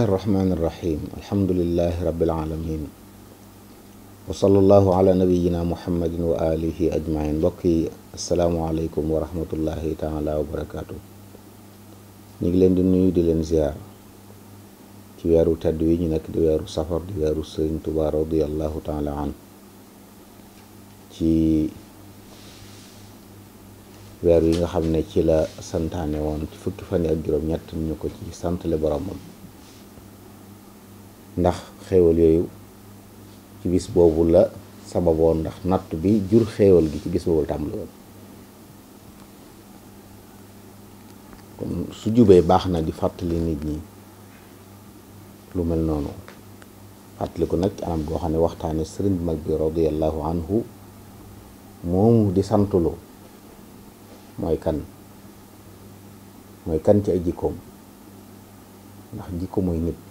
الله الرحمن الرحيم الحمد لله رب العالمين وصلى الله على نبينا محمد وآله أجمعين بقي السلام عليكم ورحمة الله تعالى وبركاته نجلن دنيا دلن زيار تيارو تدوين نك ديارو سفر ديارو سرين تبا رضي الله تعالى عنه تي ويارو ينغحب نكيلا سنتاني وان تفكفاني أجرم يتم نكو تي سنتلي برامل ndax xewal yoyu ci bis bobu la bo ndax nat bi jur xewal gi ci bis bobu tamlu won kon su jubee baxna di fatali nit ñi lu mel fatali ko nak anam go xane waxtane waxtaane sëriñ mag bi anhu mom di santulo moy kan moy kan ci ay jikom ndax jikko moy nit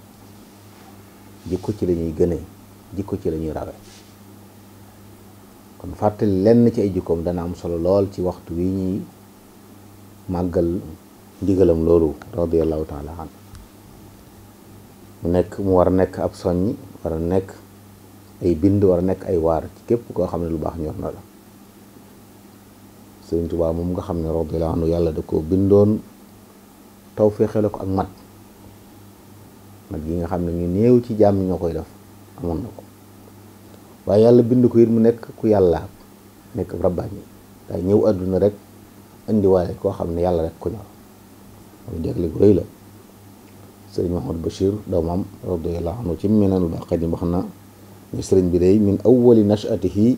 jikko ci la ñuy gënee jikko ci lañuy ñuy kon fàttali lenn ci ay jikkoom dana am solo lool ci waxtu wi ñuy màggal ndigalam loolu radiallahu taala an mu nekk mu war a nekk ab soññ war a nekk ay bind war a nekk ay waar ci képp koo xam ne lu baax ñor na la Sëriñ Tuubaa moom nga xam ne radiallahu anhu yàlla da ko bindoon taw féexale ko ak mat nag yi nga xam ne ñu néew ci jàmm ñoo koy def amoon na ko waaye yàlla bind ko it mu nekk ku yàlla nekk rabbaani day ñëw àdduna rek indiwaale koo xam ne yàlla rek ko ñor muy jagle gu rëy la sëriñ Mahmoud Bachir doomam radiyallahu anhu ci Minanul Baaqi wax na ne sëriñ bi day min awwali nachatihi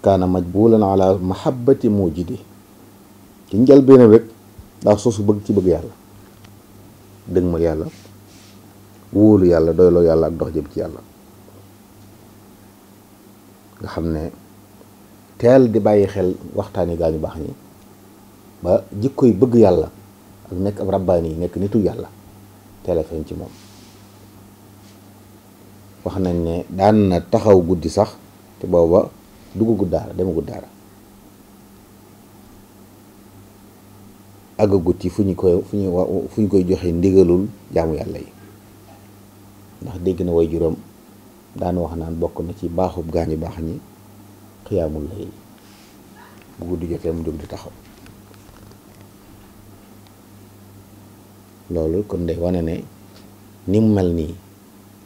kaana majbulan ala mahabbati mujidi ci njëlbéenam rek daa sosu bëgg ci bëgg yàlla dëgg yàlla wóolu yàlla doyloo yàlla ak dox jëm ci yàlla nga xam ne teel di bàyyi xel waxtaan waxtaani gaañu baax ñi ba jikko yi bëgg yàlla ak nekk ab rabbaani yi nekk nitu yàlla teel ci moom wax nañ ne daan na taxaw guddi sax te booba dugg guddaara dema guddaara àggagut yi fu ñu koy fu ñu fu ñu koy joxe ndigalul jaamu yàlla yi ndax dégg na way juróom daan wax naan bokk na ci baaxub gaañ yu baax ñi xiyaamul lay bu guddi jotee mu jóg di taxaw loolu kon day wane ne ni mu mel nii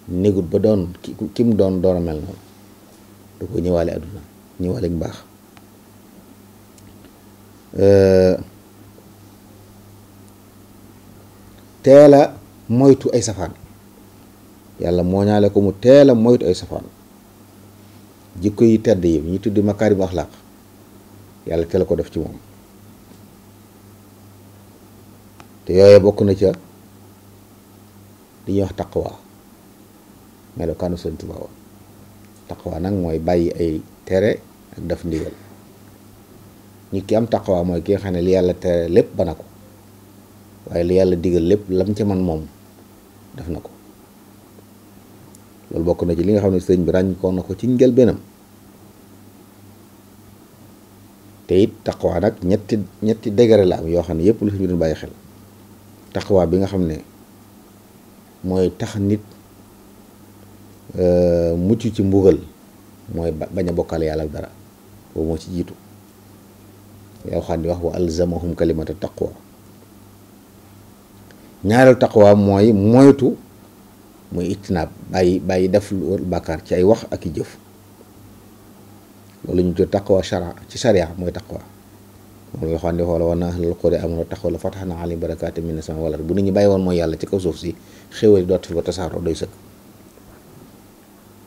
négut ba doon ki ki mu doon doon a mel noonu da ko ñëwaale àdduna ñëwaale bu baax teela moytu ay safaan yalla mo ñaale ko mu teel a moytu ay safaan jikko yi tedd yi ñi tuddi makarim akhlaq yalla teel ko def ci mom te yooye bokku na ci li wax taqwa melokaanu Sëñ Tuubaa woon taqwa nak moy bayyi ay téré ak daf ndigal ñi ki am taqwa moy ki xane li yalla téré lepp ba na li yalla digal lepp lam ci man mom def na lol bokku na ci li nga xamne ne bi ràññikoon ko nako ci njëlbéenam te it taqwa nak ñetti ñetti degeere la am yo xamne ne lu si ñu doon xel taqwa bi nga xamne moy tax nit euh, muccu ci mbugal moy baña bokkal yalla dara bo mo ci jitu yow xam wax wa alzamahum kalimata taqwa ñaaral taqwa moy moytu mooy muy itinaab bàyyi bàyyi def lu wër ci ay wax ak i jëf loolu ñu tudd taqwa sharia ci sharia mooy taqwa moom la waxoon ne wala wana ahlal qura amanu taqwa la fatahna alayhi barakatin minas samaa'i wal ard bu nit ñi bàyyi woon mooy yàlla ci kaw suuf si xéwal dootu fi ko tasaaroo doy sëkk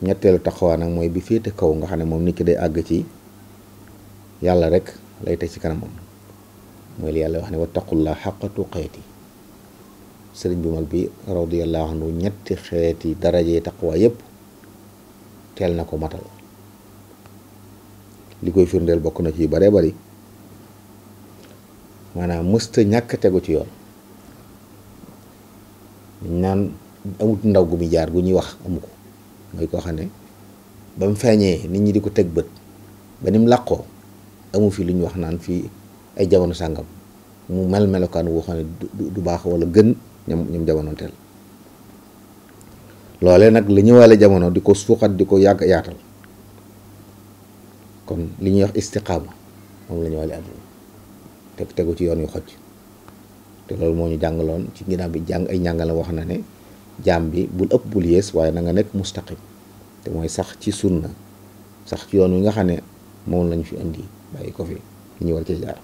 ñetteelu taqwa nag mooy bi féete kaw nga xam ne moom nit ki day àgg ci yàlla rek lay tey ci kanamam mooy li yàlla wax ne laa wattaqullaha haqqa tuqaatihi sëriñ bu mag bi radiyallahu anhu ñetti xeeti daraje taqwa yépp teel na ko matal li koy firndeel bokk na ci yu bare bari maanaam mësta ñàkk tegu ci yoon naan amut ndaw gu muy jaar gu ñuy wax amu ko mooy koo xam ne ba mu feeñee nit ñi di ko teg bët ba ni mu làqoo amu fi lu ñu wax naan fii ay jamono sàngam mu mel melokaan woo xam ne du baax walla gën ñam ñam jamonoonteel loole nag li la wale jamono di ko suuxat di ko yàgg yaatal kon li ñuy wax istiqaama moom la ñëwaale àdduna te tegu ci yoon yu xoj te loolu moo ñu jàngaloon ci ginnaaw bi jàng ay njàngale wax na ne jaam bi bul ëpp bul yées waaye na nga nekk mustaqim te mooy sax ci sunna sax ci yoon wi nga xam ne moom lañu fi indi bàyyi ko fi ñu war cee jaar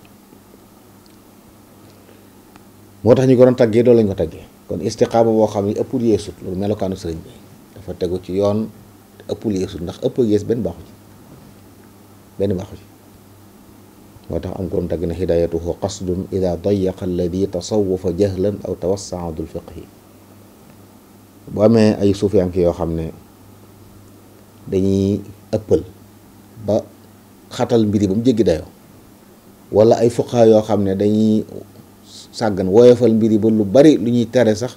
moo tax ñu ko doon taggee loolu lañ ko taggee kon istiqaama boo xam ne ëppul yeesut loolu melokaanu sëriñ bi dafa tegu ci yoon ëppul yeesut ndax ëpp yees benn baaxu ci benn baaxu ci moo tax am ko doon tagg ne hidayatuhu qasdun ida dayaqa alladi tasawafa jahlan aw tawassaa dul fiqhi bu amee ay suufi yoo xam ne dañuy ëppal ba xatal mbiri ba mu jéggi dayoo walla ay fuqaa yoo xam ne dañuy sagan woyofal mbiri yi ba lu bari lu ñuy téré sax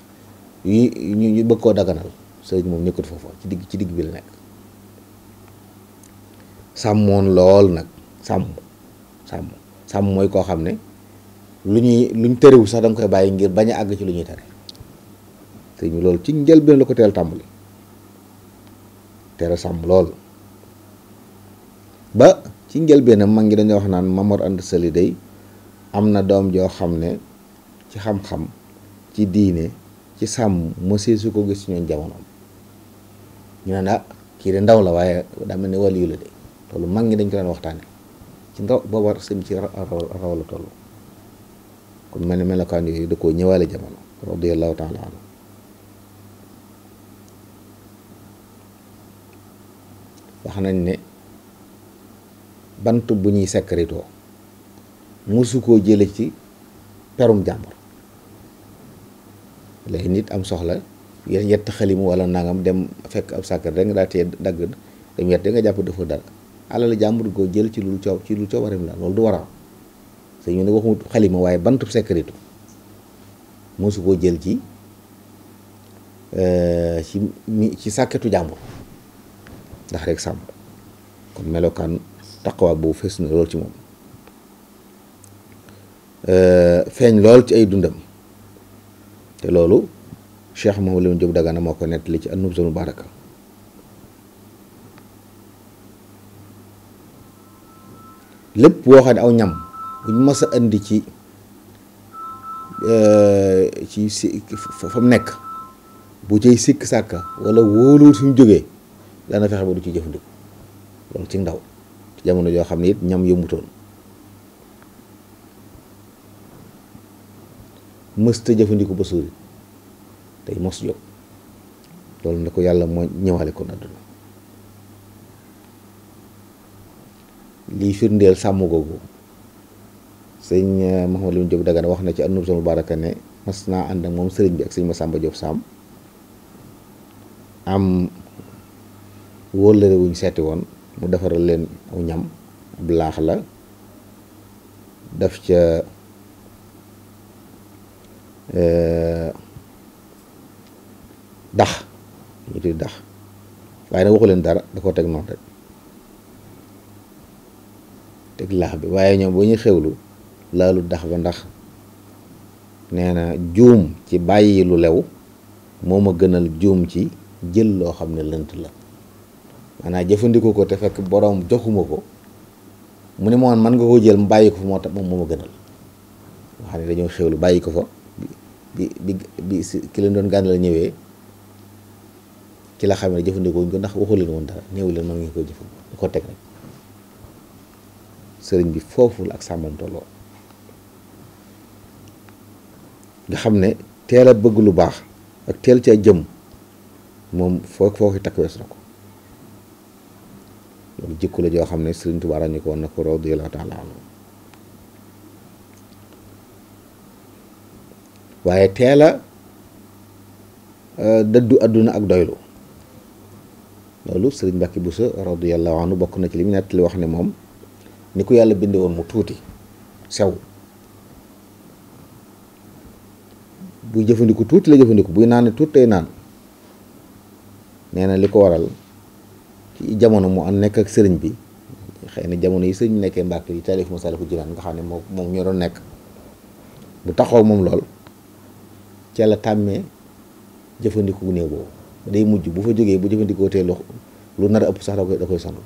yu ñu ñu bëkk koo daganal sëriñ mom ñëkkut fofu ci digg ci digg bi la nekk sàmmoon lool nak sam sam sam moy ko xamne ne lu ñuy lu ñu wu sax dang koy bayyi ngir baña ag ci lu ñuy téré té ñu loolu ci bi la ko téel tàmbali tere sam lool ba ci na ma ngi dañu wax naan Mamor and sëli day amna dom doom ci xam-xam ci diine ci sàmm mësee su ko gis ci ñoom jamonoom ñu naan ah kii de ndaw la waaye daa mel ne waliyu la de loolu mag ñi dañ ko daan waxtaane ci ndaw booba sëñ ci raw la toll kon mel ni melokaan yooyu du koo ñëwaale jamono radiyallahu taala anhu wax nañ ne bant bu ñuy sekkaritoo mosu koo jële ci perum jàmbur lay nit am soxla yéen yett xalimu wala nangam dem fekk ab sàkkar rek nga daa tee dagg dem yett nga defu dal ala la jamur go jël ci lul ciow ci ciow coobaram la loolu du wara sëñ bi ne waxut xalima waaye bantub sécurité mosu go jël ci euh, ci ci sakatu jàmbur ndax rek sam kon melokan taqwa bu fess na lol ci euh feñ lol ci ay dundam te loolu Cheikh Mawlana Diop Dagana moo ko nettali ci an-Nubzul Mubaraka lépp woo xam ne aw ñam buñ mës a indi ci euh, ci si fa mu nekk bu cay sikk sàkka wala wóoluwul fi mu jógee dana fexe ba du ci jëfandiku loolu ci ndaw jamono joo xam ne it ñam yëmmutoon mësta jëfandiku ba sóori tey mos jóg loolu na ko yàlla moo ñëwale kon àdduna lii firndeel sàmm googu sëñ eh, Mouhamadou Lamine Diop Dagana wax na ci àdduna sama baraka ne mas naa ànd ak moom sëriñ bi ak ma Massamba Diop Sam am wóllëre wuñ seeti woon mu defaral leen aw ñam ab laax la def ca Euh, dax ñu tudd dax waaye nag waxu leen dara da koo teg noonu rek teg laax bi waaye ñoom boo ñuy xewlu laalu dax ba ndax nee na juum ci bàyyi lu lew moom ma gënal juum ci jël loo xam ne lënt la maanaa jëfandikoo ko te fekk boroom joxuma ko mu ne ma man nga koo jël mu bàyyi ko fa moo tax moom moo ma gënal nga ne dañoo xewlu bàyyi ko fa bi bi bi ki leen doon gànn la ñëwee ci la xam ne jëfandikoo wuñ ko ndax waxu leen woon dara ñëw leen mën ngeen ko jëfandikoo ñu ko teg rek sëriñ bi fooful ak sàmmam nga xam ne teel a bëgg lu baax ak teel caa jëm moom foo foo ko takk wees na loolu jikko joo xam ne sëriñ Tuubaa ñu ko woon na ko radiyallaahu taala anhu waaye teel a euh, dëddu àdduna ak doylu loolu sëriñ bu Mbàkke Buso radiyallahu anhu bokk na ci li mu li wax ni moom ni ko yàlla binde woon mu tuuti sew buy jëfandiku tuuti la jëfandiku buy naan tuut tey naan nee na li ko waral ci jamono mu am nekk ak sëriñ bi xay na jamono yi sëriñ bi nekkee Mbàkke yi taalif Masaalikul Jinaan nga xam ne moom ñoo doon nekk mu taxaw moom lool ca la tàmmee jëfandiku néeg boobu day mujj bu fa jógee bu jëfandikoo tee lu lu nar a ëpp sax da koy da koy sonal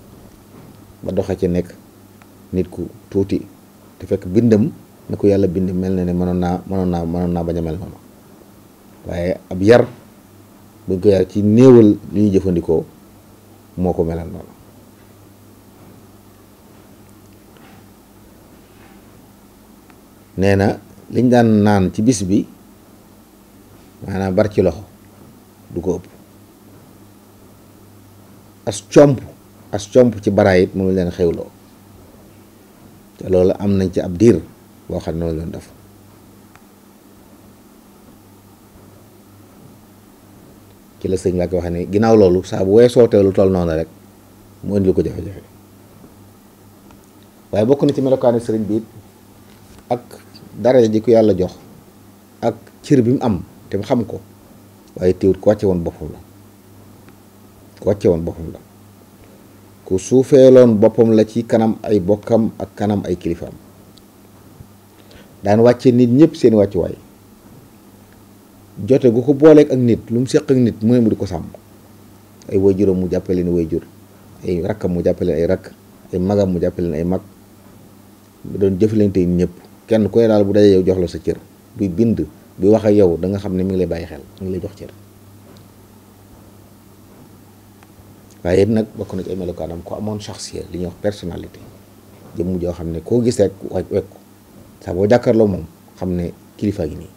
ba doxa ci nekk nit ku tuuti te fekk bindam na ko yàlla bind mel na ne mënoon naa mënoon naa mënoon naa bañ waaye ab yar buñ ko yar ci néewal li ñuy jëfandikoo moo ko melal noonu nee na liñ daan naan ci bis bi maanaam bari ci loxo du ko ëpp as comp as comp ci baraay it moom leen xewloo te loolu am nañ ci ab diir boo xam ne moom leen def ci la sëñ Mbàkke wax ne ginnaaw loolu saa bu weesoo te toll noonu rek mu indi lu ko jafe-jafe waaye bokk na ci melokaani sëriñ bi ak dara ji ku yàlla jox ak cër bi mu am te mu xam ko waaye teewut ku wàcce woon boppam la ku wàcce woon boppam la ku boppam la ci kanam ay bokkam ak kanam ay kilifaam daan wàcce nit ñëpp seen wàccuwaay jote gu ko booleeg ak nit lu mu seq ak nit mooy mu di ko sàmm ay waajuram mu jàppale ni waajur ay rakkam mu jàppale ay rakk ay magam mu jàppale ay mag mu doon jëflante ñëpp kenn koy daal bu dajee yow jox la sa cër buy bind bu wax ak yow da xam ne mi ngi lay bàyyi xel mu ngi lay jox cër waaye nag bokk na ci ay melokaanam ko amoon chaxsiya li ñuy wax personnalité jëmm joo xam ne koo gis ko waj wekk saa boo moom xam ne kilifa gi nii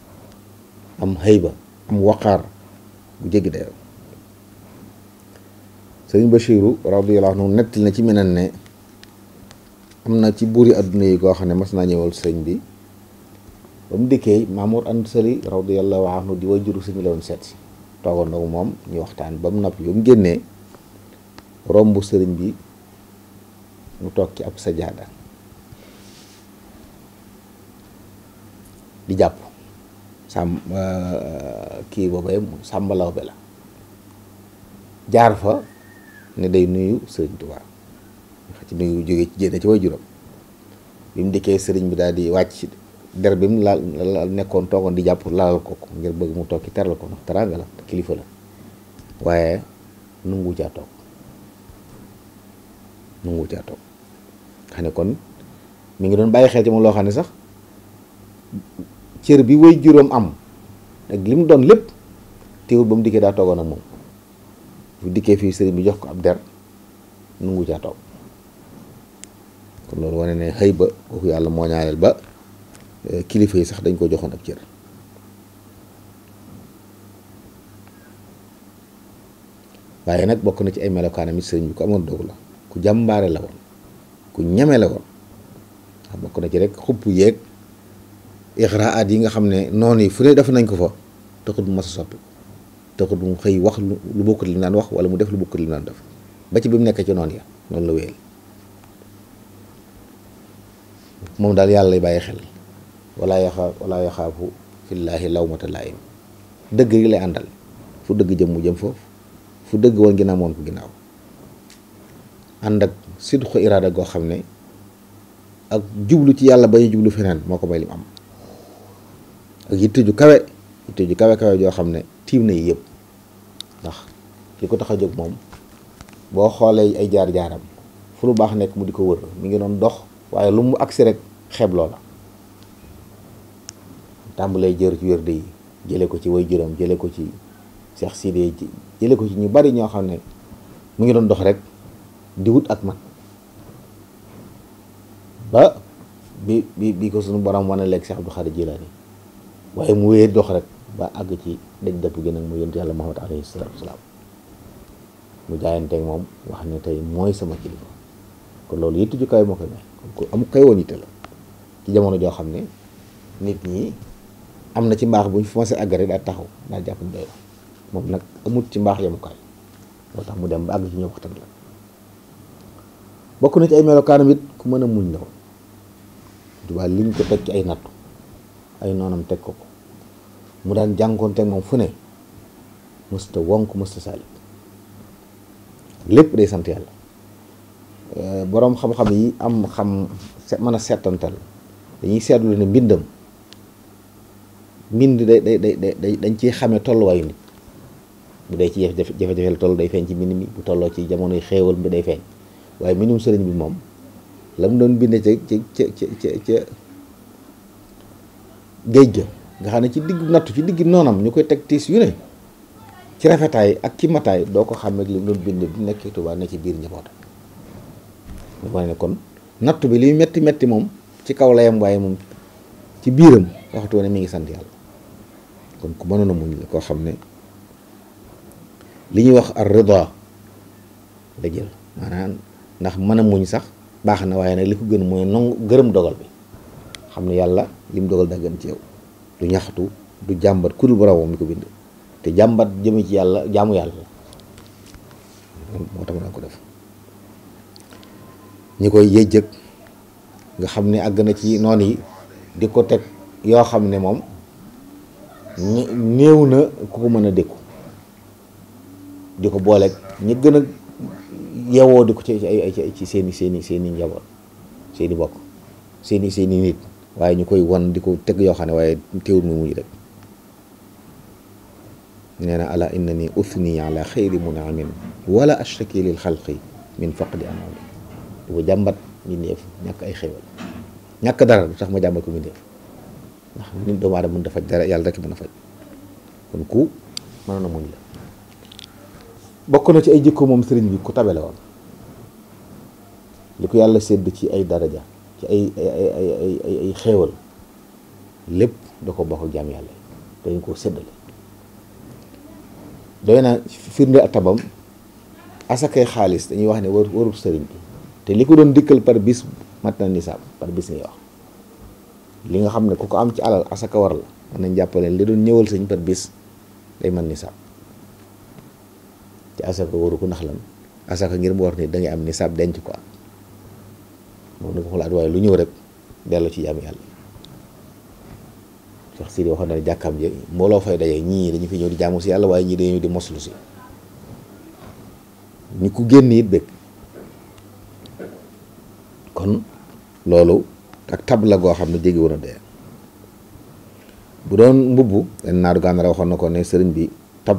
am xëyba am waqaar bu jéggi dayoo sëriñ Bachiru radiyallahu anhu nettali na ci meneen ne am na ci buuri adduna yi koo xam ne mës naa ñëwal sëriñ bi bam mu Mamour Anta Sali radiyallahu anhu di wajuru suñu la woon seet si toogoon na moom ñu waxtaan bam nap noppi ba rombu génnee bi mu toog ci ab sajada di japp sam euh, kii boobee sambalaw bela jaar fa ne day nuyu sëriñ touba xati nuyu jóge ci jénne ci wajuram bim mu dikkee bi daal di wàcc der bi mu laal nekkoon toogoon di jàpp laalal ko ngir bëgg mu toog ci teral ko ndax teraanga la kilifa la waaye nungu caa toog nungu caa toog xam kon mu ngi doon bàyyi xel ci moom loo xam ne sax cër bi way juróom am ak doon lépp teewul ba mu dikkee daa toogoon ak moom bu fii sëriñ bi jox ko ab der nungu caa kon loolu wane ne xëy ba kooku yàlla moo ñaareel ba Euh, kilifa yi sax dañ ko joxoon ab cër waaye nag bokk na ci ay melokaanam it sëriñ bi ku amoon dogu la ku jàmbaare la woon ku ñeme la woon ndax bokk na ci rek xupp yeeg ixraat yi nga xam ne noonu yi fu ne def nañ ko fa taxut mu mas a soppi taxut mu xëy wax lu bokkut li mu wax wala mu def lu bokkut li mu daan def ba ci bi mu nekk ci noon ya noonu la wéyal moom daal yàlla lay bàyyi xel walaa yaxaa walaa yaxaafu fillaahi lawmata laa'im dëgg rek lay àndal fu dëgg jëm mu jëm foofu fu dëgg woon ginnaaw moom ko ginnaaw ànd ak goo xam ne ak jublu ci yàlla bañu jublu feneen moo ko may lim am ak yitte ju joo xam ne tiim na yi yëpp ko tax a jóg moom boo xoolee ay jaar jaaram baax nekk mu di ko mi ngi doon dox waaye lu mu agsi rek xeeb loola tàmbalee jër ci wérde yi jëlee ko ci way juram jële ko ci Cheikh Sidé jëlee ko ci ñu bari ñoo xam ne mu ngi doon dox rek di wut ak mat ba bi bi bi ko sunu borom wane léegi Cheikh Abdou Khadir Jilani waaye mu wéyee dox rek ba àgg ci daj dëpp gi nag mu yonent yàlla Muhammad alayhi mu jaayanteeg moom wax ne tey mooy sama kilifa kon loolu yëttu ju kaay moo koy may kon am kay woon yitte la ci jamono joo xam ne nit ñi am na ci mbaax bu ñu fu ma see àggaree daal taxaw daal jàpp doy moom nag amut ci mbaax yemukaay moo tax mu dem ba àgg ci ñëw waxtaan la bokk na ci ay melokaanam it ku mën a muñ la woon Tuubaa li ko teg ci ay nattu ay noonam teg ko ko mu daan teg moom fu ne mësta wonk mësta saalit lépp day sant yàlla eh, boroom xam-xam yi am xam mën a seetantal dañuy seetlu ne mbindam min mbind day day day day dañ ciy xamee tolluwaayu nit bu dee ci jafe-jafe la toll day feeñ ci mbind mi bu tolloo ci jamonoy xéewal bi day feeñ waaye mbindum sëriñ bi moom la mu doon bind ca ca ca ca ca géej ga nga xam ne ci digg nattu ci digg noonam ñu koy teg tiis yu ne ci rafetaay ak ci mataay doo ko xàmmeeg li doon bind bu nekkee Tuubaa ne ci biir njabootam ñu kon nattu bi li metti metti moom ci kaw layam waaye mom, ci biiram waxtu ne mi ngi sant yàlla kon ku mënoon a muñ la koo xam ne li ñuy wax ar rida la jël maanaam ndax mën a muñ sax baax na waaye nag li ko gën mooy nangu gërëm dogal bi xam ne yàlla lim dogal daa gën ci yow du ñaxtu du jàmbat ku dul boromam mi ko bind te jàmbat jëme ci yàlla jaamu yàlla moo tax ma ko def ñi koy yëjjëg nga xam ne àgg na ci noon yi di ko teg yoo xam ne moom néew na ku ko mën a dékku di ko booleeg ñi gën a yewoo di ko ci ay ay ci seeni seeni seeni njaboot seeni bokk seeni seeni nit waaye ñu koy wan di ko teg yoo xam ne waaye teewul mu mujj rek nee na ala innani uthni ala xayri munamin wala ashraki lil xalqi min faqdi anami du ma jàmbat mbindeef ñàkk ay xéewal ñàkk dara du tax ma jàmbat ko mbindeef nga xam ne nit doomu aadama mën dafa dara yàlla rek mën a faj kon ku mënoon a muñ la bokk na ci ay jikko moom sëriñ bi ku tabe woon li ko yàlla sédd ci ay daraja ci ay ay ay ay ay lépp da ko bokk jaam yàlla dañ koo séddale doy na firnde ak asakay xaalis dañuy wax ne war warul sëriñ bi te li ko doon dikkal par bis mat nisaab par bis ngay wax li nga xam ne ku ko am ci alal asaka war la mën nañ jàppale li doon ñëwal sëñ par bis day mën nisaab ci asaka waru ko ndax lan asaka ngir mu war ni da ngay am nisaab denc ko am moom na ko xulaat waaye lu ñëw rek delloo ci jaamu yàlla Cheikh Sidi waxoon na ne jàkkaam ji mbooloo fay daje ñii dañu fi ñëw di jaamu si yàlla waaye ñii dañuy ñëw di moslu si ñu ku génn it bëgg kon loolu ak tab la goo xam ne jéggi woon a bu doon mbubb len naadu gànnaar waxoon na ko ne sëriñ bi tab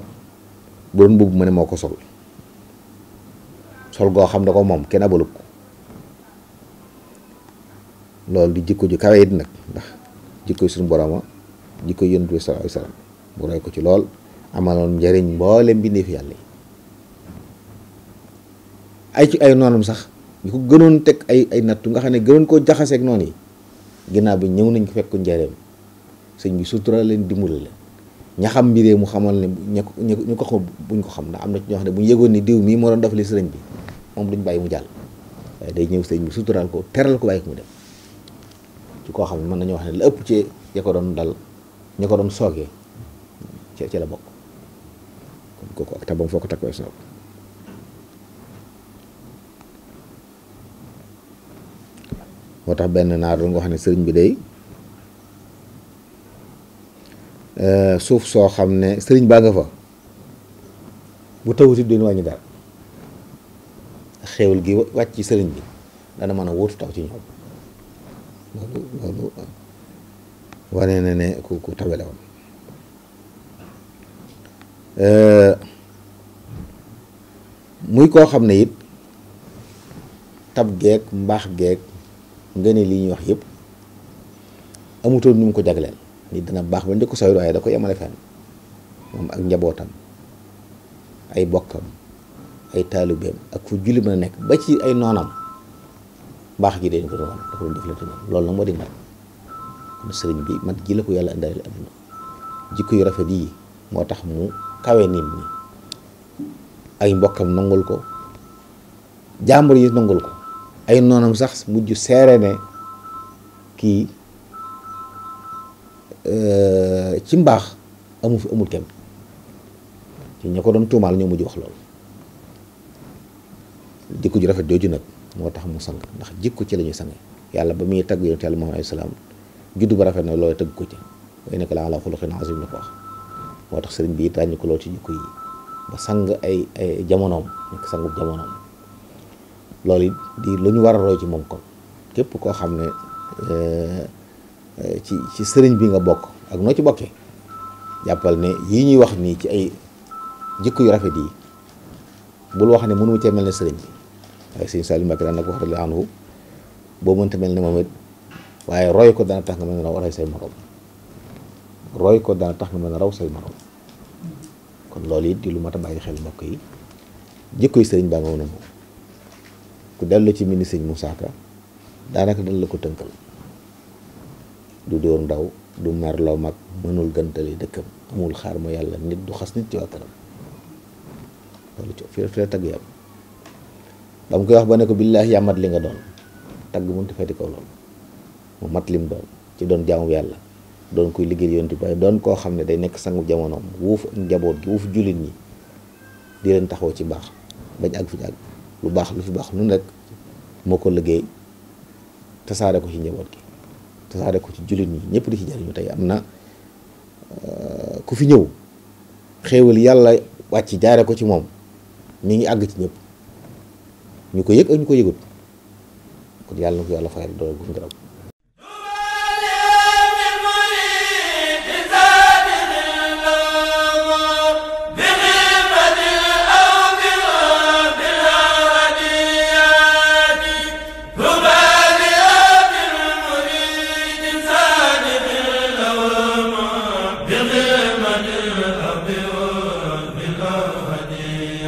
bu doon mbubb mu ne moo ko sol sol goo xam ne ko moom kenn abalub ko loolu di jikko ju kawe it nag ndax jikko suñu boroma jikko yonent bi sallallahu alayhi mu roy ko ci lool amaloon njariñ mboolem mbindeef yàlla yi ay ci ay noonam sax ñu ko gënoon teg ay ay nattu nga xam ne gënoon koo jaxaseeg noonu yi ginnaaw bi ñëw nañ ko fekk njareem sëñ bi sutura leen dimbali leen ña xam mbiree mu xamal ne ña ko ñu ko xam buñ ko xam ndax am na ci ñoo xam ne bu ñu yëgoon ni diw mii moo doon def li sëriñ bi moom duñ bàyyi mu jàll waaye day ñëw sëñ bi suturaal ko teral ko bàyyi ko mu dem ci koo xam ne mën nañu wax ne la ëpp ci ya ko doon dal ña ko doon soogee ca ci la bokk kon kooku ak tabam foo ko takk wees moo tax benn naar doon nga xam ne sëriñ bi day euh, suuf soo xam ne sëriñ baa nga fa bu tawutit duñu wàññi dara xéewal gi wàcc ci sëriñ bi dana mën a wóotu taw ci ñoom loolu na ne ku ku tabale euh, muy koo xam ne it tab geek mbaax geek ngeene li ñu wax yépp amutoon nu mu ko jagleel ni dana baax ba njëkk ko sawir waaye da ko yamale fenn mom ak njabotam ay bokkam ay taalibeem ak fu julli mëna nek ba ci ay nonam baax gi dañ ko doon da ko def la moom lool nag mo di mat kon sëriñ bi mat gi la ko yàlla indaale adduna jikko yu rafet yi motax mu kawe nit ñi ay mbokam nangul ko jàmbur yi nangul ko ay noonam sax mujj seere ne kii euh, ci mbaax amu fi amul kenn ci ña ko doon tuumaal ñoo mujj wax loolu jikko ju rafet jooju nag moo tax mu sang ndax jikko ci la ñuy yàlla ba muy tagg yonent yàlla moom ay salaam juddu ba rafet na loolu tagg ko ci way nekk la ala xuluqin azim la ko wax moo tax sëriñ bi it ràññi ko lool ci jikko yi ba sang ay ay jamonoom nekk jamonoom loolu it di lu ñu war a roy ci moom kon képp koo xam ne euh, euh, ci ci sëriñ bi nga bokk ak noo ci bokkee jàppal ne yii ñuy wax nii ci ay jikko yu rafet yi bul wax ne mënu cee mel ne sëriñ bi waaye sëriñ Saliou Mbacké daan na wax rek anhu boo mënta mel ne moom it waaye roy ko dana tax nga mën a raw say morom ko dana tax nga mën a raw say morom kon loolu it di lu mat a bàyyi xel mbokk yi jikko yi sëriñ baa nga woon moom ku dellu ci mini seigne Moussa Ka daanaka dal la ko teunkal du dóor ndaw du lo mak mënul gëntali dëkkam amul xaar mo yalla nit du xass nit ci wàkkaram loolu ci fi fi tag yam dam koy wax ba ne ko billahi yaa mat li nga don tag nti fati ko lol mu mat lim don ci don jaamu yalla don koy liggéey yonti bay don ko xamne day nek sangu jamono wuuf njaboot wuuf jullit di len taxaw ci bax bañ àgg fi àgg lu baax lu fi baax nun rek moo ko liggéey tasaare ko ci njaboot gi tasaare ko ci jullit ñi ñëpp di ci jariñu tey am na euh, ku fi ñëw xéewal yàlla wàcc jaare ko ci moom mi ngi àgg ci ñëpp ñu ko yëg ak ñu ko yëgut kon yàlla na ko yàlla fayal doole gu ngërëm